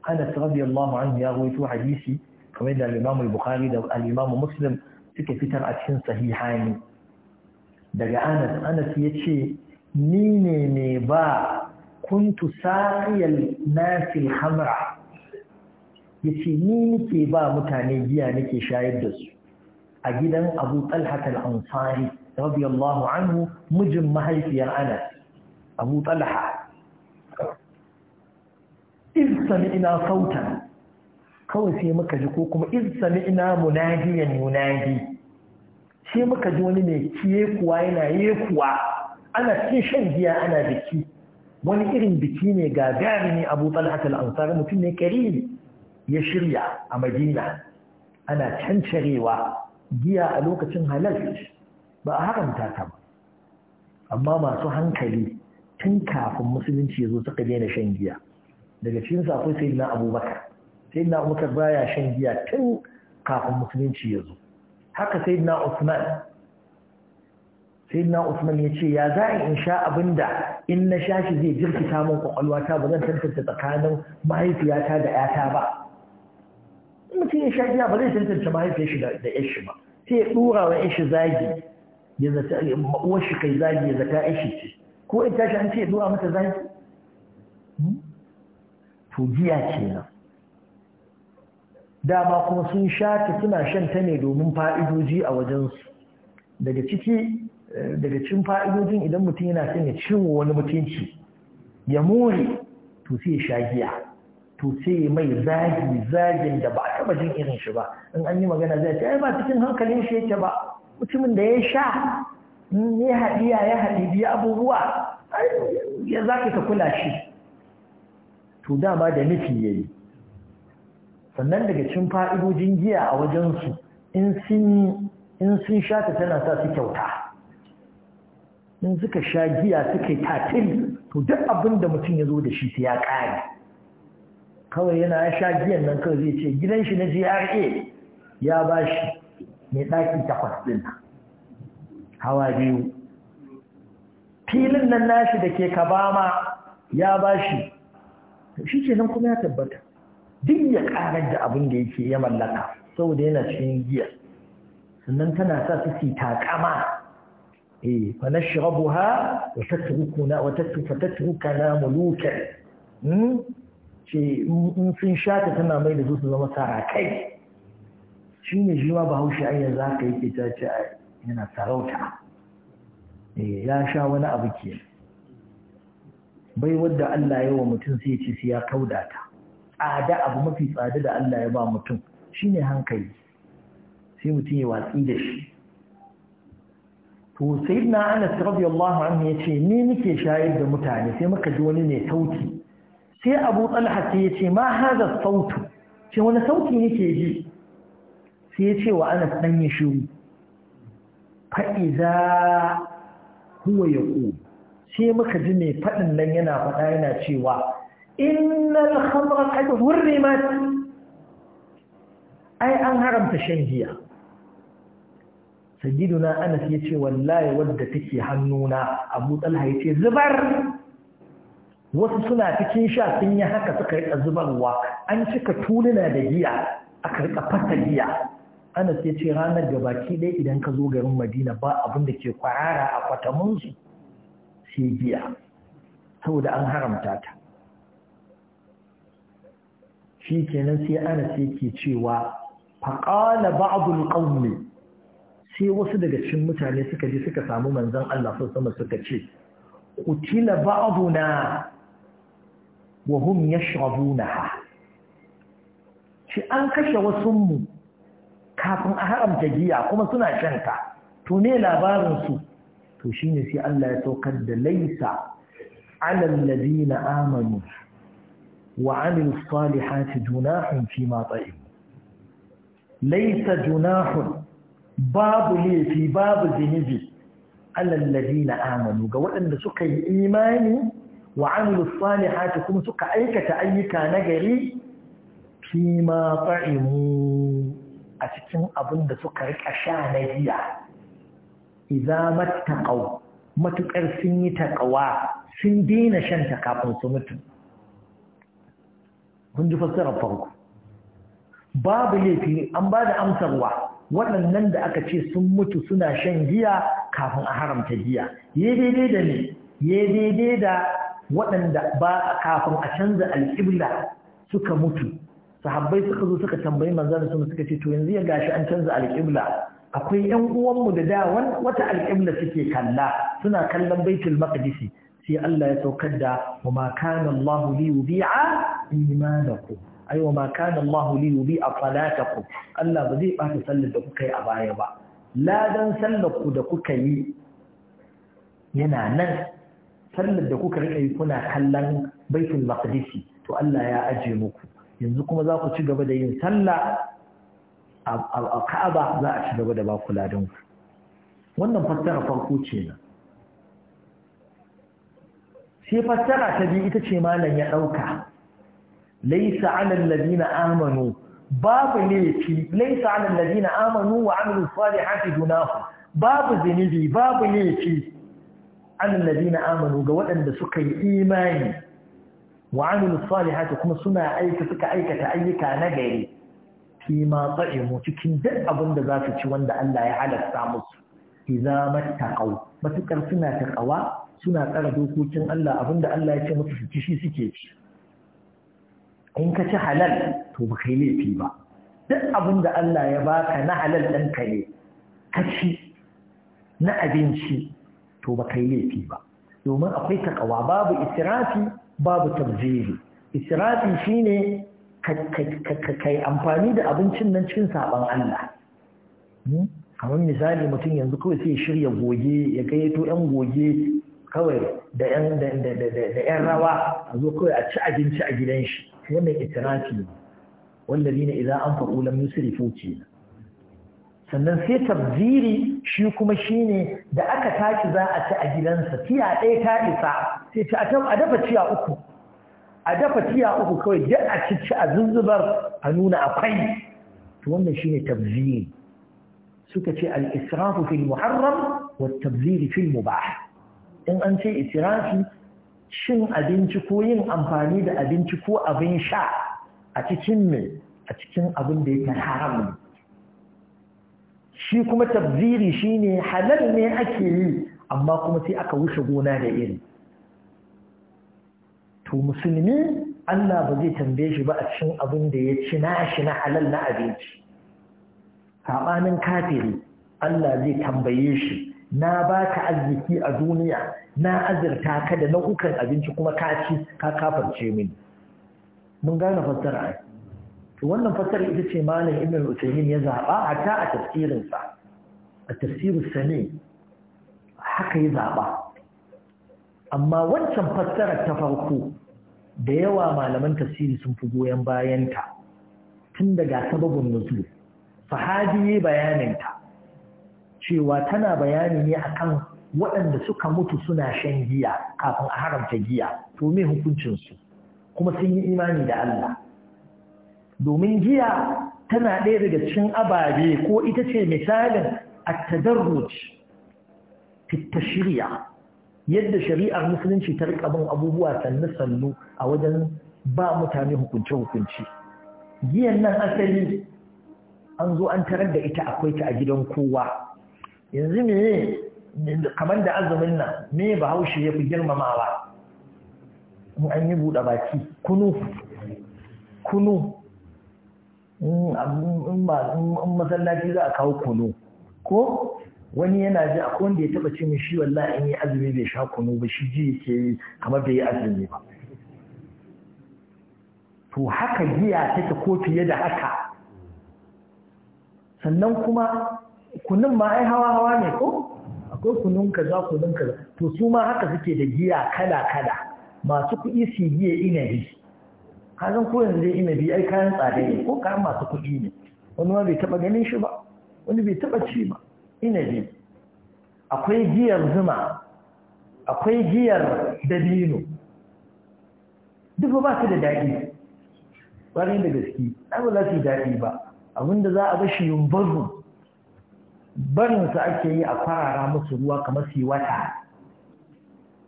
anas radiyallahu anhu ya rawaito hadisi kamar da al-imam al-bukhari da al-imam muslim suka fitar a cikin sahihani daga anas anas ya ce ni ne mai ba kuntu sariyal nasi hamra yace ni nake ba mutane giya nake shayar da su a gidan Abu Talha al-Ansari radiyallahu anhu mijin mahaifiyar Anas Abu Talha iz sami'na sautan kawai sai muka ji ko kuma iz sami'na munadiyan yunadi sai muka ji wani mai kiye kuwa yana yekuwa ana cin shan giya ana biki wani irin biki ne gagarumi abu talhat al-ansari mutum ne kari ya shirya a madina ana cancarewa giya a lokacin halal ba a haramta ta ba amma masu hankali tun kafin musulunci ya zo suka daina shan giya daga cikin akwai sai na abubakar sai na abubakar baya shan giya tun kafin musulunci ya zo haka sai na usman sai na usman ya ce ya za in sha abin da in na sha shi zai jirkita min kwakwalwata ba zan tantance tsakanin mahaifiyata da ‘yata ba mutum ya sha giya ba zai tantance mahaifiyar shi da ‘yar shi ba sai ya ɗora wa ‘yar shi zagi ya zata uwar shi kai zagi ya zata ‘yar shi ce ko in tashi an ce ya ɗora mata zagi hmm? to giya kenan dama kuma sun sha ta suna shan ta ne domin fa'idoji a wajensu daga ciki daga cin fa'idojin idan mutum yana sanya ya ciwo wani mutunci ya more to sai ya sha giya to sai mai zagi zagin da ba a taba jin irin shi ba in an yi magana zai ta yi ba cikin hankalin shi yake ba mutumin da ya sha ya haɗiya ya haɗi biya abubuwa ya za ka kula shi to dama da nufi ya yi sannan daga cin fa'idojin giya a wajensu in sun sha ta tana sa su kyauta in suka sha giya suka yi tatil to duk abin da mutum ya zo da shi ya ƙare kawai yana sha giyan nan kawai zai ce gidan shi na GRA ya ba shi mai ɗaki takwas ɗin hawa biyu filin nan nashi da ke kabama ya ba shi shi ce nan kuma ya tabbata duk ya ƙarar da abin da yake ya mallaka saboda yana cikin giya sannan tana sa su ta takama eh fa nashrabuha wa tatrukuna muluka ce in sun shata tana mai da su su zama sarakai shi ne shi ma bahaushe za yanzu haka yake ta ce yana sarauta ya sha wani abu ke bai wadda Allah ya wa mutum sai ce sai ya kauda ta tsada abu mafi tsada da Allah ya ba mutum shine hankali sai mutum ya watsi da shi to sayyidina Anas radiyallahu anhu yace ni nake shayar da mutane sai muka ji wani ne sauti sai Abu Talha sai yace ma hada sautu ce wani sauti nake ji sai yace wa Anas dan ya shiru fa iza huwa ƙo sai muka ji ne faɗin nan yana faɗa yana cewa innal khamra qad ai an haramta shan giya sayyiduna anas ya ce wallahi wadda take hannuna abu talha ya ce zubar wasu suna cikin sha sun yi haka suka rika zubarwa an cika tuluna da giya aka rika fata giya anas ce ranar da baki ɗaya idan ka zo garin madina ba abin da ke kwarara a kwatamunsu sai giya saboda an haramta ta shi kenan sai anas yake cewa faƙala ba'adul ƙaumi sai wasu daga cikin mutane suka je suka samu manzon Allah sun sama suka ce kutila ba'duna wa hum yashrabunaha shi an kashe wasu mu kafin a haramta giya kuma suna shan ta to ne labarin su to shine sai Allah ya saukar da laisa alal ladina amanu وعملوا الصالحات جناح فيما طيب ليس جناح babu laifi babu zinibi alallazi na amanu ga waɗanda suka yi imani wa amilu salihati kuma suka aikata ayyuka na gari fi ma fa'imu a cikin abin da suka rika sha na jiya idza mattaqaw matukar sun yi taqwa sun dina shan ta kafin su mutu kun ji fassarar farko babu laifi an ba da amsarwa waɗannan da aka ce sun mutu suna shan giya kafin a haramta giya ya daidai da ne ye daidai da waɗanda ba kafin a canza alƙibla suka mutu sahabbai suka zo suka tambayi manzan su suka ce to yanzu ya gashi an canza alƙibla akwai ƴan uwanmu da da wata alƙibla suke kalla suna kallon baitul maqdisi sai Allah ya saukar da wa ma kana Allah li yubi'a imanakum ai wa ma kana Allah li yubi'a salatakum Allah ba zai bata sallar da kuka yi a baya ba ladan sallar ku da kuka yi yana nan sallar da kuka rika yi kuna kallon baitul maqdisi to Allah ya aje muku yanzu kuma za ku ci gaba da yin sallah a Ka'aba za a ci gaba da ba ku ladan ku wannan fassara farko ce na. sai fassara ta biyu ita ce malam ya dauka laisa ala allazina amanu babu laifi laisa ala allazina amanu wa amilu salihati gunahu babu zinibi babu laifi ala allazina amanu ga waɗanda suka yi imani wa amilu salihati kuma suna aika suka aikata ayyuka na gari fi ma mu cikin duk abin da za su ci wanda Allah ya halatta musu idza mattaqaw matukar suna taqawa suna tsara dokokin Allah abinda Allah ya ce musu su ci shi suke ci in ka ci halal to ba kai laifi ba duk abin da Allah ya baka na halal ɗanka ne ka ci na abinci to ba kai laifi ba domin akwai takawa babu israfi babu tabjiri israfi shine kai amfani da abincin nan cikin saban Allah hmm? kamar misali mutum yanzu kawai sai shirya goge ya gayyato yan goge kawai da ‘yan rawa a zo kawai a ci abinci a gidan shi wannan itirafi ne wallazi ne idan an faɗo lam yusrifu ce sannan sai tabziri shi kuma shine da aka tashi za a ci a gidansa tiya ɗaya ta isa sai a dafa tiya uku a dafa tiya uku kawai duk a ci ci a zuzzubar a nuna akwai to wannan shine tabziri suka ce al-israfu fil muharram wa tabziri fil mubah in an ce itirafi cin abinci ko yin amfani da abinci ko abin sha a cikin mai a cikin abin da yake haramun shi kuma tabziri shine halal ne ake yi amma kuma sai aka wuce gona da iri to musulmi Allah ba zai tambaye shi ba a cikin abin da ya ci nashi na halal na abinci saɓanin kafiri Allah zai tambaye shi na baka arziki a duniya na azurta ka da nau'ukan abinci kuma ka ci ka kafarce mini mun gane fassara ai to wannan fassara ita ce malam ibn al-usaymin ya zaba hatta a tafsirin sa a tafsirus sani haka ya zaba amma wancan fassarar ta farko da yawa malaman tafsiri sun fi goyon bayanta tun daga sababin nuzul bayanin bayaninta cewa tana bayani ne akan waɗanda suka mutu suna shan giya kafin a haramta giya to me hukuncinsu kuma sun yi imani da Allah domin giya tana ɗaya daga cikin ababe ko ita ce misalin at-tadarruj fi tashri'a yadda shari'ar musulunci ta rika bin abubuwa sannu sannu a wajen ba mutane hukunce hukunci giyan nan asali an zo an tarar da ita akwai ta a gidan kowa yanzu me kamar da azumin nan me bahaushe ya fi girmamawa mu an yi buɗe baki kunu kunu in masallaci za a kawo kunu ko wani yana ji a wanda ya taba ce shi wallahi in yi azumi bai sha kunu ba shi ji yake yi kamar bai yi azumi ba to haka giya take ko fiye da haka sannan kuma kunun ma ai hawa hawa ne ko akwai kunun kaza kunun kaza to su ma haka suke da giya kala kala masu kuɗi su giya inabi kazan ko yanzu inabi ai kayan tsada ne ko kayan masu kuɗi ne wani ma bai taɓa ganin shi ba wani bai taɓa ci ba inabi akwai giyar zuma akwai giyar dabino duk ba su da daɗi ƙwarin da gaske ai ba za su yi daɗi ba abinda za a bashi yumbazu barinsa ake yi a kwarara musu ruwa kamar su yi wata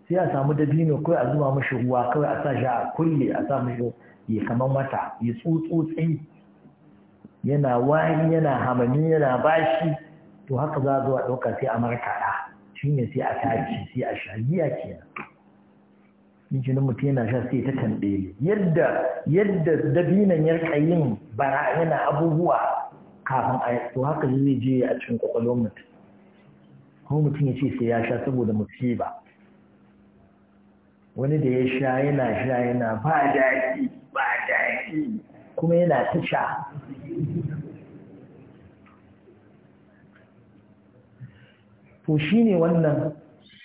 sai a samu dabino kai a zuba mashi ruwa kawai a sa shi a kulle a sa mashi ya kamar wata ya tsutsutsi yana wani yana hamami yana bashi to haka za a zo a ɗauka sai a markaɗa shi ne sai a tashi sai a sha giya kenan injinin mutum yana sha sai ta tambaye yadda yadda dabinan yarka yin bara yana abubuwa kafin a yi haka zai je a cikin kwakwalwar mutum kuma mutum ya ce sai ya sha saboda musiba wani da ya sha yana sha yana ba daɗi ba daɗi kuma yana ta sha to shi ne wannan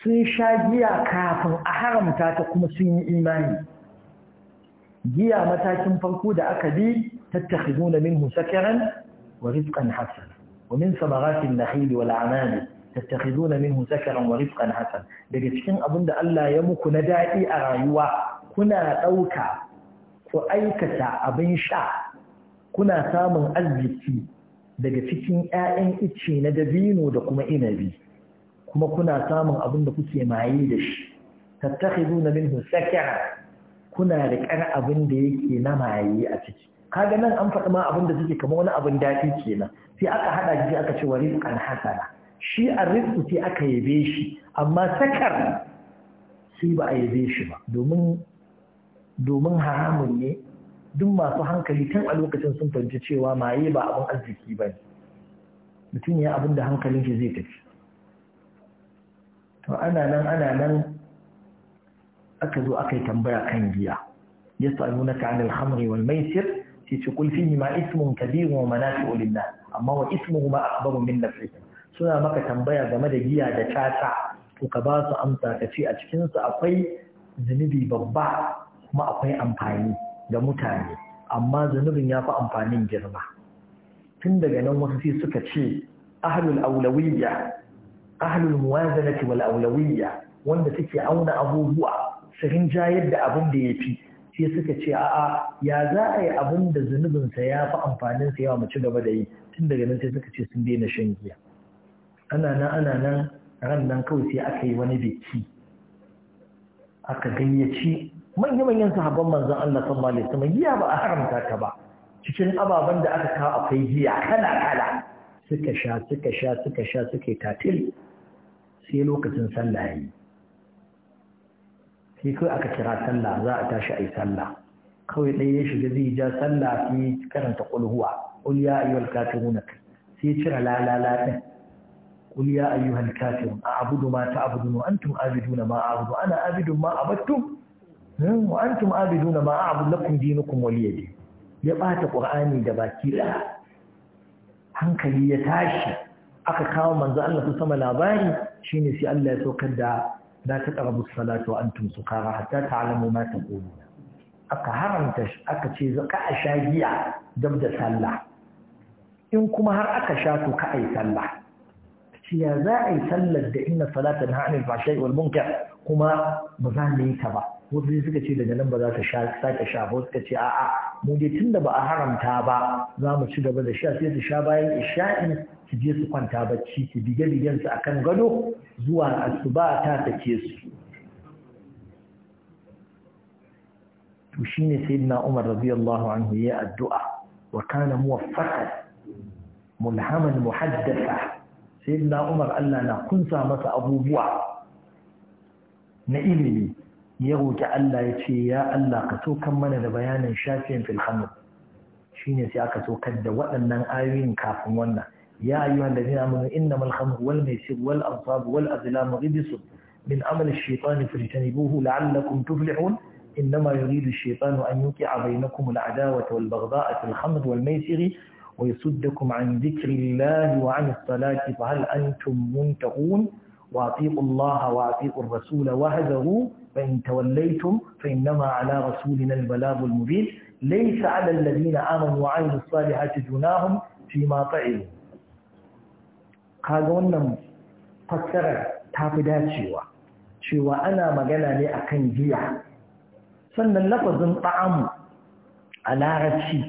sun sha giya kafin a haramta ta kuma sun yi imani giya matakin farko da aka bi tattakiduna minhu sakaran ورزقا حسنا ومن ثمرات النخيل والعناب تتخذون منه سكرا ورزقا حسنا daga cikin abin da Allah ya muku na daɗi a rayuwa kuna ɗauka ku aikata abin sha kuna samun arziki daga cikin ‘ya'yan ice na dabino da kuma inabi kuma kuna samun abin da kuke maye da shi tattakhiduna minhu sakara kuna riƙar abin da yake na maye a ciki kaga nan an faɗi ma abin da suke kama wani abin daɗi kenan sai aka haɗa shi aka ce wa an hasara. shi a rizqu sai aka yabe shi amma sakar sai ba a yabe shi ba domin domin haramun ne duk masu hankali tun a lokacin sun fahimci cewa maye ba abin arziki ba ne mutum ya abin da hankalin shi zai tafi to ana nan ana nan aka zo aka yi tambaya kan giya ya sa'alu na wal maisir yace qul fihi ma ismun Kabiru wa manafi'u lillah amma wa ismuhu ma akbaru min nafsihi suna maka tambaya game da giya da tata to ka ba su amsa ka ce a cikin su akwai zunubi babba kuma akwai amfani ga mutane amma zunubin ya fi amfanin girma tun daga nan wasu sai suka ce ahlul aulawiyya ahlul muwazanati wal aulawiyya wanda suke auna abubuwa su rinjayar da abin da ya fi sai suka ce a'a ya za a yi abin da zunubinsa ya fi amfanin sa yawa mu ci gaba da yi tun daga nan sai suka ce sun daina shan giya ana nan ana nan ran nan kawai sai aka yi wani biki aka gayyaci manya-manyan sahabban manzon Allah sallallahu alaihi wasallam giya ba a haramta ka ba cikin ababen da aka kawo akwai giya kala kala suka sha suka sha suka sha suka tatil sai lokacin sallah yayi sai kawai aka kira sallah za a tashi a yi sallah kawai ɗaya ya shiga zai ja sallah sai karanta ƙulhuwa ƙul ya ayyuhal kafirun sai ya cire lalala ɗin ƙul ya ayyuhal kafirun a abudu ma ta abudu wa antum abiduna ma abudu ana abidun ma abattum hmm, wa antum abiduna ma abudu lakum dinukum waliyadi ya ɓata ƙur'ani da baki ɗaya hankali ya tashi aka kawo manzo Allah su sama labari shine sai Allah ya saukar da Na taqrabu as-salata wa antum sukara hatta ta'lamu ma taquluna aka haramta aka ce ka a sha giya dab da sallah in kuma har aka sha to ka ai sallah shi ya za a yi sallar da inna salata na hannun fashai wal munkar kuma ba za mu yi ta ba wasu suka daga nan ba za ta sake sha ba suka ce a'a mu dai tunda ba a haramta ba za mu ci gaba da sha sai su sha bayan isha'in su je su kwanta bacci su bige bigen su akan gado zuwa asuba ta take su to shine sayyidina Umar radiyallahu anhu ya addu'a wa kana muwaffaqan mulhaman muhaddatha sayyidina Umar Allah na kunsa masa abubuwa na ilimi ya roƙi Allah ya ce ya Allah ka so kan mana da bayanin shafin filhannu shine sai aka so kan da waɗannan ayoyin kafin wannan ya yi wanda zina mun inna malham wal maisir wal ansab wal azlam ridisu min amal shaytan fajtanibuhu la'allakum tuflihun innama yuridu shaytan an yuqi'a bainakum al adawata wal baghda'a fil khamr wal maisir wa yasuddakum an dhikrillahi wa an salati fa hal antum muntaqun wa atiqullaha wa atiqur rasula wa hadaru فإن توليتم فإنما على رسولنا البلاغ المبين ليس على الذين آمنوا وعملوا الصالحات جناهم فيما طعموا kaga wannan fassarar ta fi dacewa cewa ana magana ne akan giya sannan lafazin ta'amu a larabci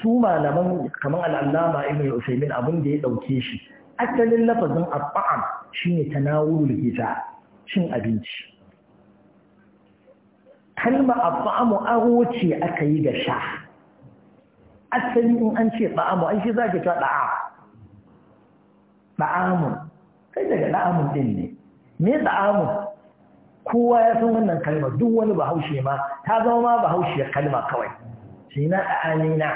su malaman kamar al'alama ibn usaimin abin da ya ɗauke shi asalin lafazin at'am shine tanawulul gida cin abinci kalma ba'amu aro ce aka yi da sha asali in an ce ba'amu an shi za ka ta da'a ba'amu kai daga da'amun din ne me da'amun kowa ya san wannan kalma duk wani bahaushe ma ta zama ma bahaushe kalma kawai shi na na,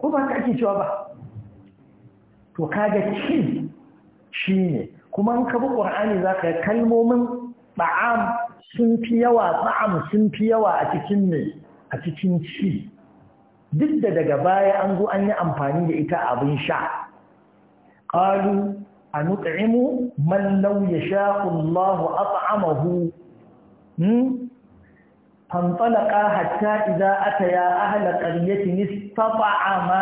ko ba ka ake cewa ba to kaga cin shi ne, kuma in ka bi ka yi kalmomin ba'am sun fi yawa ta'am sun fi yawa a cikin ne a cikin ci duk da daga baya an zo an yi amfani da ita abin sha qalu anuqimu man law yasha'u Allah at'amahu hmm fantalaqa hatta idza ataya ahla a istata'a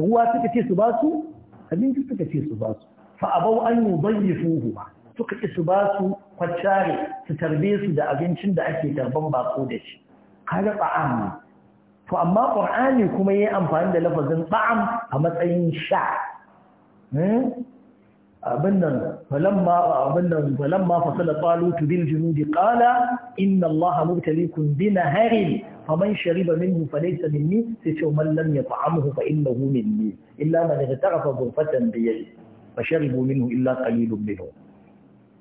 ruwa suka ce su basu abinci suka ce su basu fa abau an ba. suka ƙi su ba su kwacare su tarbe su da abincin da ake tarban bako da shi kaga ba'am ne to amma qur'ani kuma yayi amfani da lafazin ba'am a matsayin sha hmm? abin nan falamma abin nan falamma fasala talut bil junud qala inna allaha mubtaliikum bi naharin faman shariba minhu falaysa minni sai ce man lam yat'amhu fa innahu minni illa man tarafa ghurfatan bi yadi fasharibu minhu illa qalilun minhum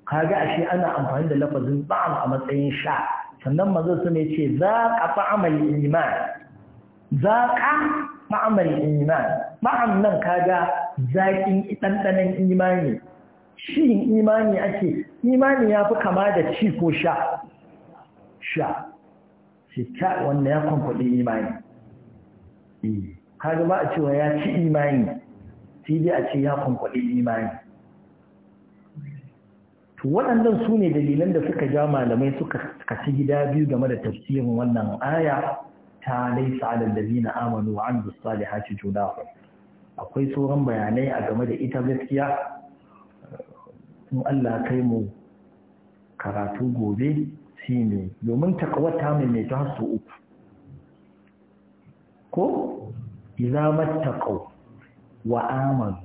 kaga ashe ana amfani da lafazin ba'am a matsayin sha sannan manzo sun ce ka fa'amal iman Za ka fa'amal iman ba'am nan kaga zakin dandanan imani shi imani ake imani fi kama da ci ko sha sha shi ta wanda ya kwamfadi imani eh, kaga ba a cewa ya ci imani sai dai a ce ya kwamfadi imani waɗannan su ne dalilan da suka ja malamai suka kashi gida biyu game da tafsirin wannan aya ta laisa alal ladina amanu wa amilus salihati junahu akwai sauran bayanai a game da ita gaskiya in Allah kai mu karatu gobe shi ne domin ta mai mai ta su uku ko idza mattaqaw wa amanu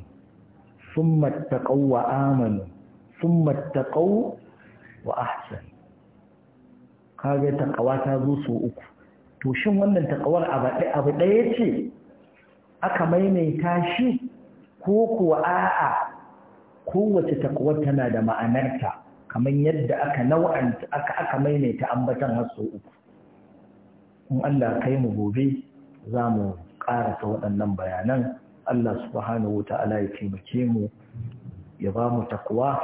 thumma taqaw wa amanu ثم اتقوا وأحسن kaga takawa ta zo sau uku to shin wannan takawar abu ɗaya ce aka maimaita shi ko kuwa a'a kowace takawar tana da ma'anarta kamar yadda aka nau'anta aka aka maimaita ambatan har so uku in Allah kai mu gobe za mu ta waɗannan bayanan Allah subhanahu wa ta'ala ya taimake mu ya ba mu takwa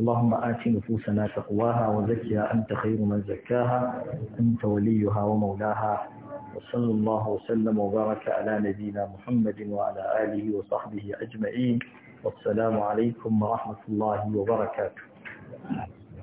اللهم آت نفوسنا تقواها وزكها أنت خير من زكاها أنت وليها ومولاها وصلى الله وسلم وبارك على نبينا محمد وعلى آله وصحبه أجمعين والسلام عليكم ورحمة الله وبركاته